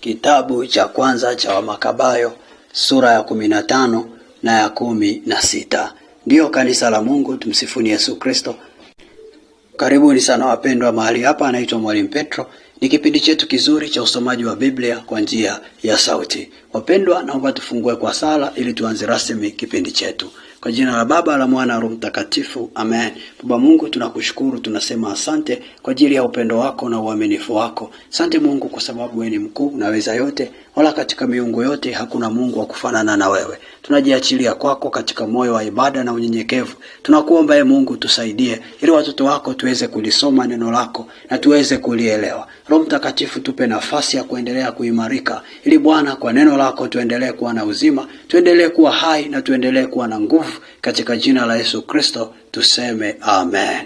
Kitabu cha kwanza cha Wamakabayo sura ya kumi na tano na ya kumi na sita. Ndiyo kanisa la Mungu, tumsifuni Yesu Kristo. Karibuni sana wapendwa mahali hapa, anaitwa Mwalimu Petro. Ni kipindi chetu kizuri cha usomaji wa Biblia kwa njia ya sauti. Wapendwa, naomba tufungue kwa sala ili tuanze rasmi kipindi chetu. Kwa jina la Baba la Mwana Roho Mtakatifu, amen. Baba Mungu, tunakushukuru, tunasema asante kwa ajili ya upendo wako na uaminifu wako. Asante Mungu kwa sababu wewe ni mkuu, unaweza yote wala katika miungu yote hakuna Mungu wa kufanana na wewe. Tunajiachilia kwako katika moyo wa ibada na unyenyekevu. Tunakuomba e Mungu, tusaidie ili watoto wako tuweze kulisoma neno lako na tuweze kulielewa. Roho Mtakatifu, tupe nafasi ya kuendelea kuimarika, ili Bwana, kwa neno lako tuendelee kuwa na uzima, tuendelee kuwa hai na tuendelee kuwa na nguvu, katika jina la Yesu Kristo tuseme amen.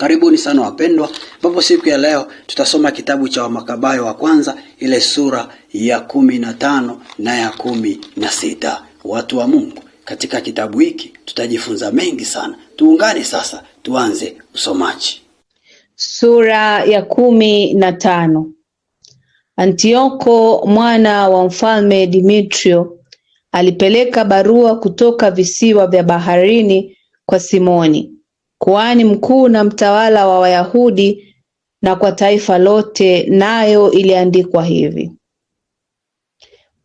Karibuni sana wapendwa, ambapo siku ya leo tutasoma kitabu cha Wamakabayo wa kwanza ile sura ya kumi na tano na ya kumi na sita. Watu wa Mungu, katika kitabu hiki tutajifunza mengi sana. Tuungane sasa, tuanze usomaji. Sura ya kumi na tano. Antioko mwana wa mfalme Dimitrio alipeleka barua kutoka visiwa vya baharini kwa Simoni kuhani mkuu na mtawala wa Wayahudi na kwa taifa lote, nayo iliandikwa hivi: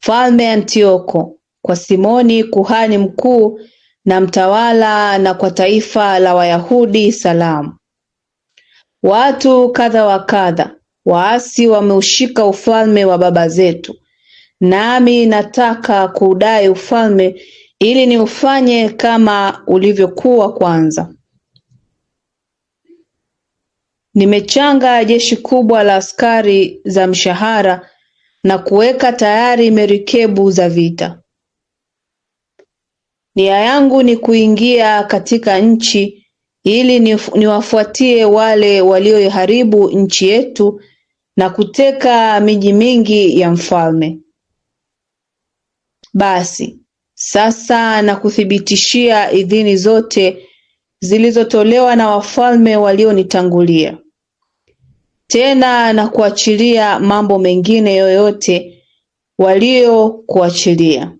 Mfalme Antioko, kwa Simoni kuhani mkuu na mtawala, na kwa taifa la Wayahudi salamu. Watu kadha wa kadha waasi wameushika ufalme wa baba zetu, nami nataka kuudai ufalme ili niufanye kama ulivyokuwa kwanza. Nimechanga jeshi kubwa la askari za mshahara na kuweka tayari merikebu za vita. Nia yangu ni kuingia katika nchi ili niwafuatie wale walioiharibu nchi yetu na kuteka miji mingi ya mfalme. Basi sasa nakuthibitishia idhini zote zilizotolewa na wafalme walionitangulia tena na kuachilia mambo mengine yoyote waliyokuachilia.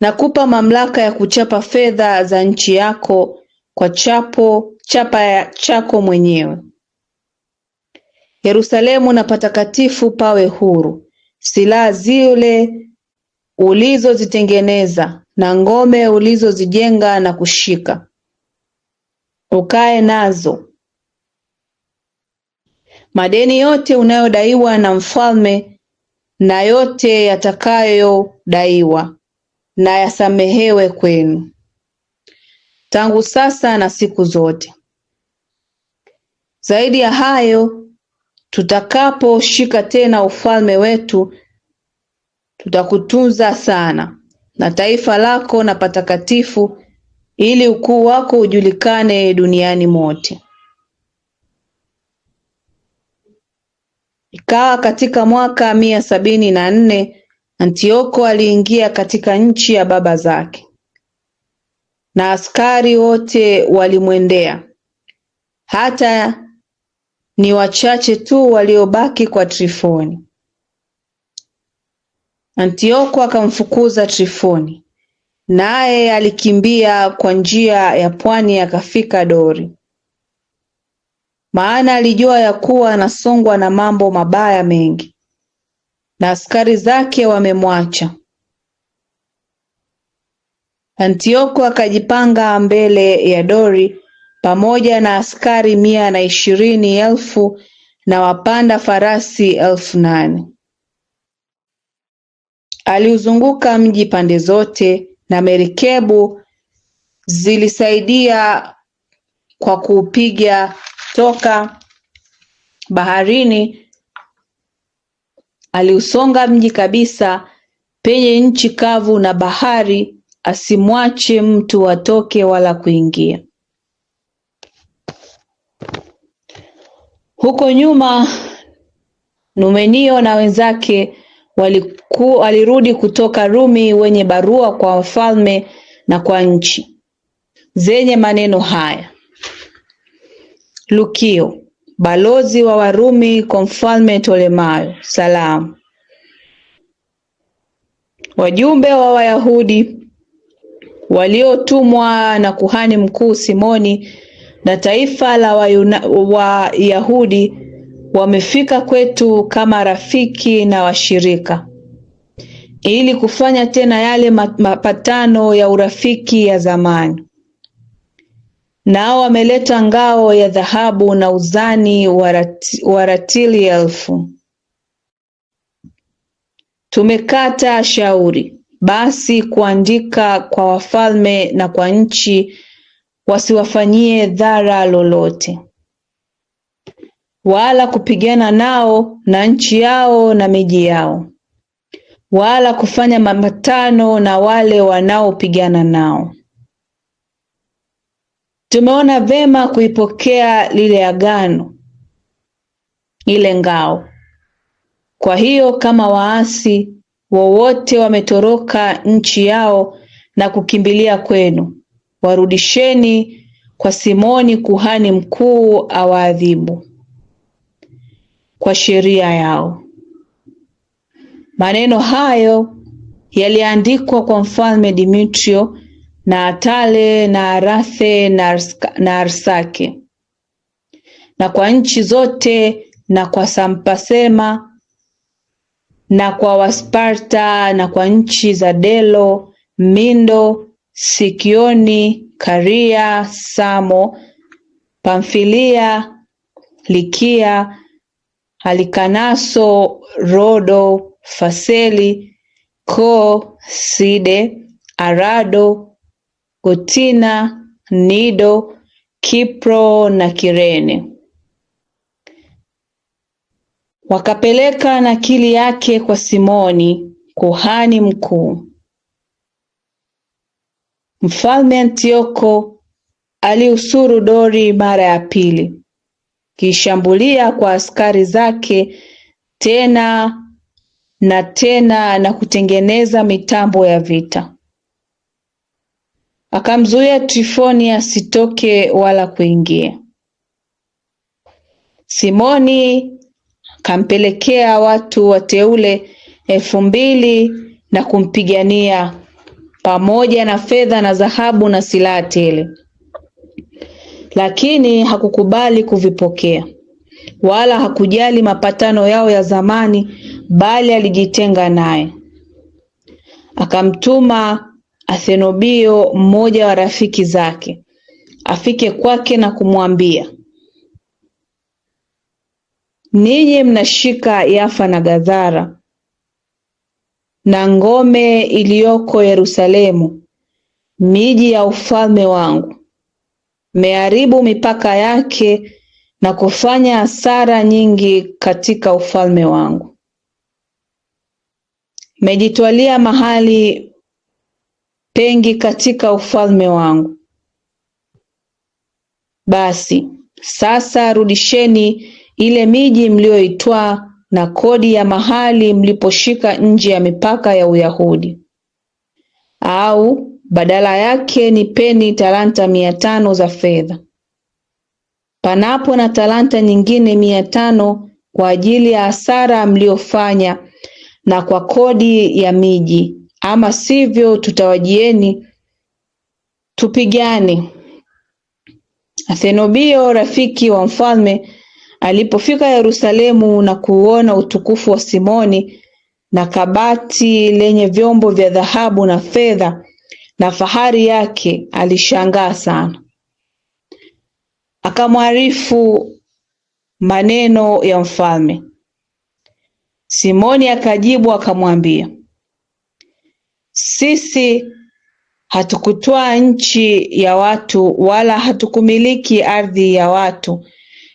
Nakupa mamlaka ya kuchapa fedha za nchi yako kwa chapo chapa chako mwenyewe. Yerusalemu na patakatifu pawe huru, silaha zile ulizozitengeneza na ngome ulizozijenga na kushika, ukae nazo madeni yote unayodaiwa na mfalme na yote yatakayodaiwa na yasamehewe kwenu, tangu sasa na siku zote. Zaidi ya hayo, tutakaposhika tena ufalme wetu, tutakutunza sana na taifa lako na patakatifu, ili ukuu wako ujulikane duniani mote. Ikawa katika mwaka mia sabini na nne Antioko aliingia katika nchi ya baba zake, na askari wote walimwendea, hata ni wachache tu waliobaki kwa Trifoni. Antioko akamfukuza Trifoni, naye alikimbia kwa njia ya pwani, akafika Dori maana alijua ya kuwa anasongwa na mambo mabaya mengi na askari zake wamemwacha. Antioko akajipanga mbele ya Dori pamoja na askari mia na ishirini elfu na wapanda farasi elfu nane. Aliuzunguka mji pande zote na merikebu zilisaidia kwa kuupiga toka baharini, aliusonga mji kabisa penye nchi kavu na bahari, asimwache mtu atoke wala kuingia. Huko nyuma Numenio na wenzake waliku, walirudi kutoka Rumi wenye barua kwa wafalme na kwa nchi zenye maneno haya: Lukio balozi wa Warumi kwa mfalme Ptolemayo salamu wajumbe wa Wayahudi waliotumwa na kuhani mkuu Simoni na taifa la Wayahudi wamefika kwetu kama rafiki na washirika ili kufanya tena yale mapatano ya urafiki ya zamani. Nao wameleta ngao ya dhahabu na uzani wa ratili elfu. Tumekata shauri basi kuandika kwa wafalme na kwa nchi, wasiwafanyie dhara lolote, wala kupigana nao na nchi yao na miji yao, wala kufanya mapatano na wale wanaopigana nao tumeona vema kuipokea lile agano, ile ngao. Kwa hiyo kama waasi wowote wametoroka nchi yao na kukimbilia kwenu, warudisheni kwa Simoni kuhani mkuu, awaadhibu kwa sheria yao. Maneno hayo yaliandikwa kwa mfalme Dimitrio, na Atale na Arathe na Arsake na kwa nchi zote na kwa Sampasema na kwa Wasparta na kwa nchi za Delo, Mindo, Sikioni, Karia, Samo, Pamfilia, Likia, Halikanaso, Rodo, Faseli, Ko, Side, Arado, Kotina, Nido, Kipro na Kirene. Wakapeleka nakili yake kwa Simoni kuhani mkuu. Mfalme Antioko aliusuru dori mara ya pili, kishambulia kwa askari zake tena na tena na kutengeneza mitambo ya vita akamzuia Trifoni asitoke wala kuingia. Simoni akampelekea watu wateule elfu mbili na kumpigania pamoja na fedha na dhahabu na silaha tele, lakini hakukubali kuvipokea wala hakujali mapatano yao ya zamani, bali alijitenga naye akamtuma Athenobio mmoja wa rafiki zake, afike kwake na kumwambia, ninyi mnashika Yafa na Gadhara na ngome iliyoko Yerusalemu, miji ya ufalme wangu. Mmeharibu mipaka yake na kufanya hasara nyingi katika ufalme wangu. Mmejitwalia mahali pengi katika ufalme wangu. Basi sasa rudisheni ile miji mliyoitwaa na kodi ya mahali mliposhika nje ya mipaka ya Uyahudi, au badala yake nipeni talanta mia tano za fedha, panapo na talanta nyingine mia tano kwa ajili ya hasara mliyofanya na kwa kodi ya miji ama sivyo tutawajieni tupigane. Athenobio rafiki wa mfalme alipofika Yerusalemu na kuuona utukufu wa Simoni na kabati lenye vyombo vya dhahabu na fedha na fahari yake, alishangaa sana. Akamwarifu maneno ya mfalme. Simoni akajibu akamwambia, sisi hatukutoa nchi ya watu wala hatukumiliki ardhi ya watu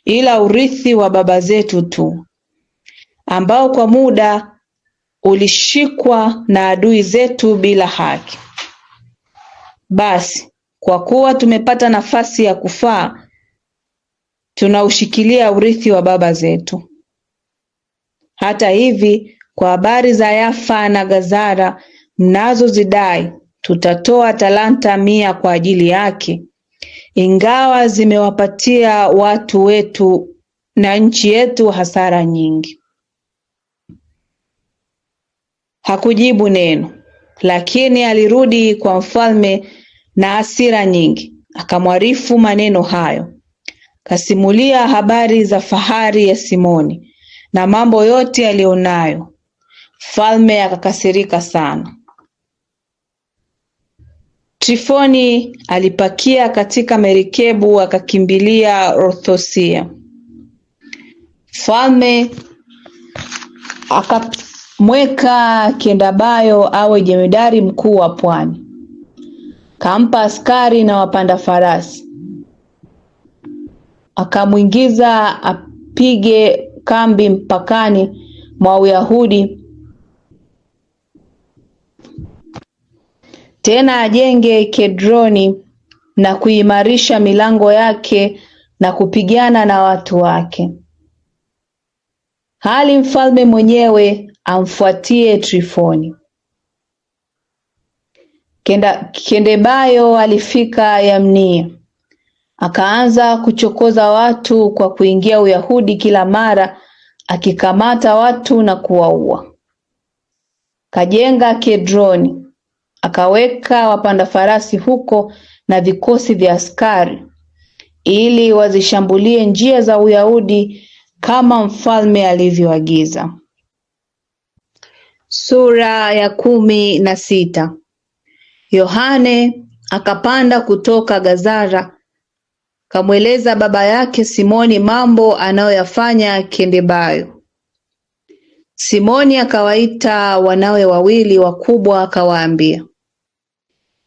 ila urithi wa baba zetu tu, ambao kwa muda ulishikwa na adui zetu bila haki. Basi kwa kuwa tumepata nafasi ya kufaa, tunaushikilia urithi wa baba zetu. Hata hivi, kwa habari za Yafa na Gazara mnazozidai tutatoa talanta mia kwa ajili yake, ingawa zimewapatia watu wetu na nchi yetu hasara nyingi. Hakujibu neno, lakini alirudi kwa mfalme na hasira nyingi, akamwarifu maneno hayo, akasimulia habari za fahari ya Simoni na mambo yote aliyonayo. Mfalme akakasirika sana. Trifoni alipakia katika merikebu akakimbilia Rothosia. Mfalme akamweka Kendabayo awe jemedari mkuu wa pwani, kampa askari na wapanda farasi, akamwingiza apige kambi mpakani mwa Uyahudi Tena ajenge Kedroni na kuimarisha milango yake na kupigana na watu wake, hali mfalme mwenyewe amfuatie Trifoni. Kenda, Kendebayo alifika Yamnia akaanza kuchokoza watu kwa kuingia Uyahudi kila mara akikamata watu na kuwaua. Kajenga Kedroni akaweka wapanda farasi huko na vikosi vya askari ili wazishambulie njia za Uyahudi kama mfalme alivyoagiza. Sura ya kumi na sita. Yohane akapanda kutoka Gazara, kamweleza baba yake Simoni mambo anayoyafanya Kendebayo. Simoni akawaita wanawe wawili wakubwa, akawaambia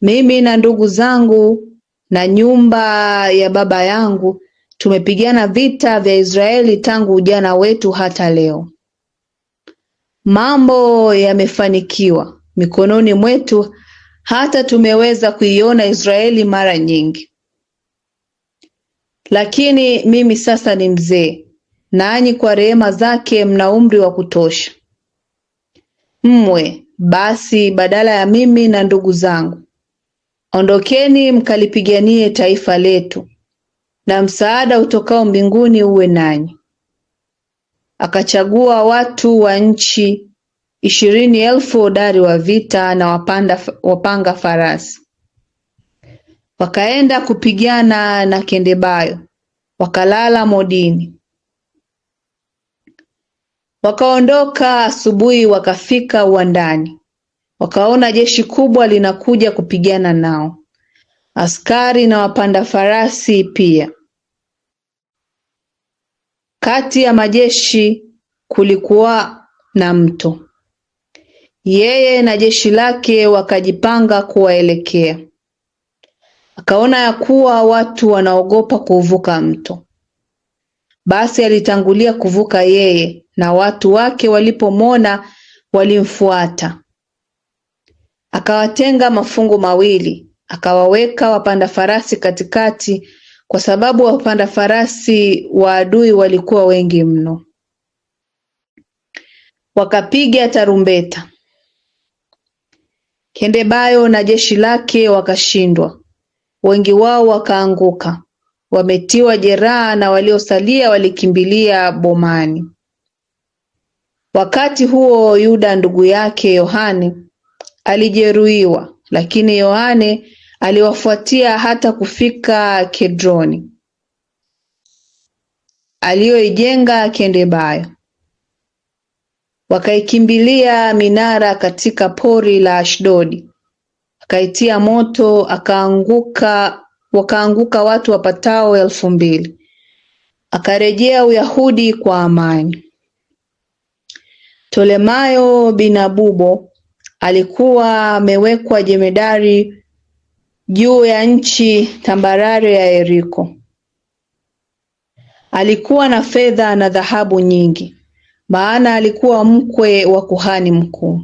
mimi na ndugu zangu na nyumba ya baba yangu tumepigana vita vya Israeli tangu ujana wetu hata leo. Mambo yamefanikiwa mikononi mwetu hata tumeweza kuiona Israeli mara nyingi. Lakini mimi sasa ni mzee, nanyi kwa rehema zake mna umri wa kutosha. mwe basi badala ya mimi na ndugu zangu Ondokeni mkalipiganie taifa letu, na msaada utokao mbinguni uwe nanyi. Akachagua watu wa nchi ishirini elfu hodari wa vita na wapanda, wapanga farasi, wakaenda kupigana na Kendebayo, wakalala Modini. Wakaondoka asubuhi, wakafika uwandani wakaona jeshi kubwa linakuja kupigana nao, askari na wapanda farasi pia. Kati ya majeshi kulikuwa na mto. Yeye na jeshi lake wakajipanga kuwaelekea. Akaona ya kuwa watu wanaogopa kuvuka mto, basi alitangulia kuvuka yeye, na watu wake walipomwona walimfuata. Akawatenga mafungu mawili, akawaweka wapanda farasi katikati, kwa sababu wapanda farasi wa adui walikuwa wengi mno. Wakapiga tarumbeta. Kendebayo na jeshi lake wakashindwa, wengi wao wakaanguka wametiwa jeraha, na waliosalia walikimbilia bomani. Wakati huo Yuda ndugu yake Yohani alijeruhiwa, lakini Yohane aliwafuatia hata kufika Kedroni aliyoijenga Kendebayo. Wakaikimbilia minara katika pori la Ashdodi, akaitia moto, akaanguka wakaanguka watu wapatao elfu mbili. Akarejea Uyahudi kwa amani. Tolemayo bin Abubo alikuwa amewekwa jemedari juu ya nchi tambarare ya Yeriko. Alikuwa na fedha na dhahabu nyingi, maana alikuwa mkwe wa kuhani mkuu.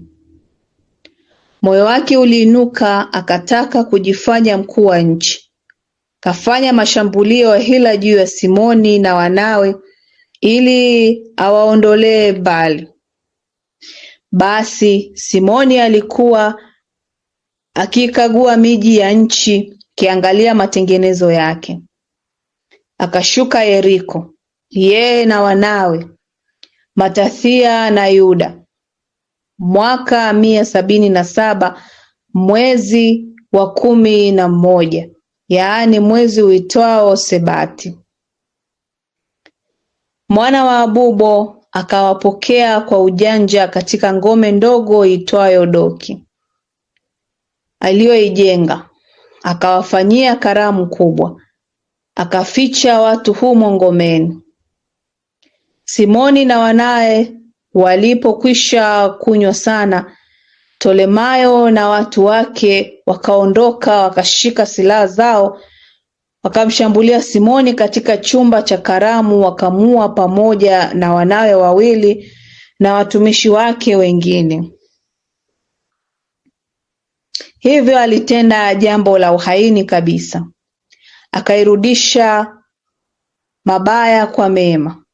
Moyo wake uliinuka, akataka kujifanya mkuu wa nchi. Kafanya mashambulio ya hila juu ya Simoni na wanawe, ili awaondolee mbali. Basi Simoni alikuwa akikagua miji ya nchi, akiangalia matengenezo yake. Akashuka Yeriko, yeye na wanawe Matathia na Yuda, mwaka mia sabini na saba mwezi wa kumi na mmoja, yaani mwezi uitwao Sebati mwana wa Abubo akawapokea kwa ujanja katika ngome ndogo iitwayo Doki aliyoijenga akawafanyia karamu kubwa, akaficha watu humo ngomeni. Simoni na wanaye walipokwisha kunywa sana, Tolemayo na watu wake wakaondoka wakashika silaha zao wakamshambulia Simoni katika chumba cha karamu wakamua pamoja na wanawe wawili na watumishi wake wengine. Hivyo alitenda jambo la uhaini kabisa, akairudisha mabaya kwa mema.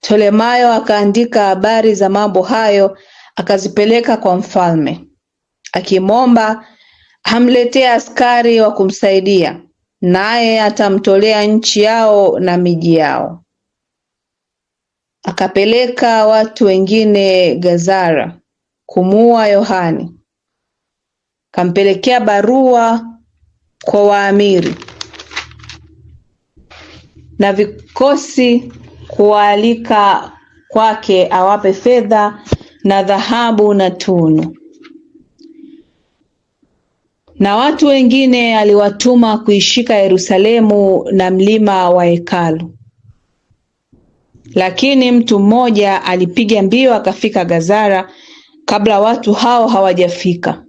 Tolemayo akaandika habari za mambo hayo akazipeleka kwa mfalme, akimwomba amletee askari wa kumsaidia naye atamtolea nchi yao na miji yao. Akapeleka watu wengine Gazara kumuua yohani Kampelekea barua kwa waamiri na vikosi kuwaalika kwake awape fedha na dhahabu na tunu na watu wengine aliwatuma kuishika Yerusalemu na mlima wa hekalu. Lakini mtu mmoja alipiga mbio akafika Gazara kabla watu hao hawajafika,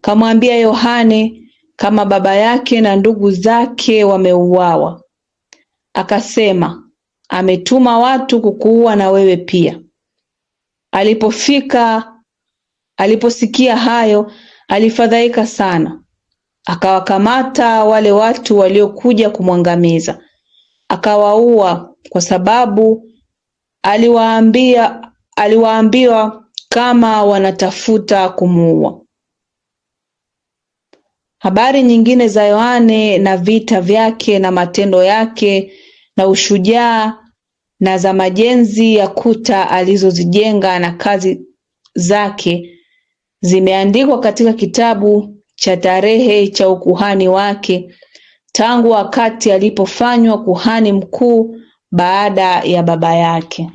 kamwambia Yohane kama baba yake na ndugu zake wameuawa. Akasema, ametuma watu kukuua na wewe pia. Alipofika, aliposikia hayo Alifadhaika sana, akawakamata wale watu waliokuja kumwangamiza, akawaua kwa sababu aliwaambia aliwaambiwa kama wanatafuta kumuua. Habari nyingine za Yohane na vita vyake na matendo yake na ushujaa na za majenzi ya kuta alizozijenga na kazi zake zimeandikwa katika kitabu cha tarehe cha ukuhani wake tangu wakati alipofanywa kuhani mkuu baada ya baba yake.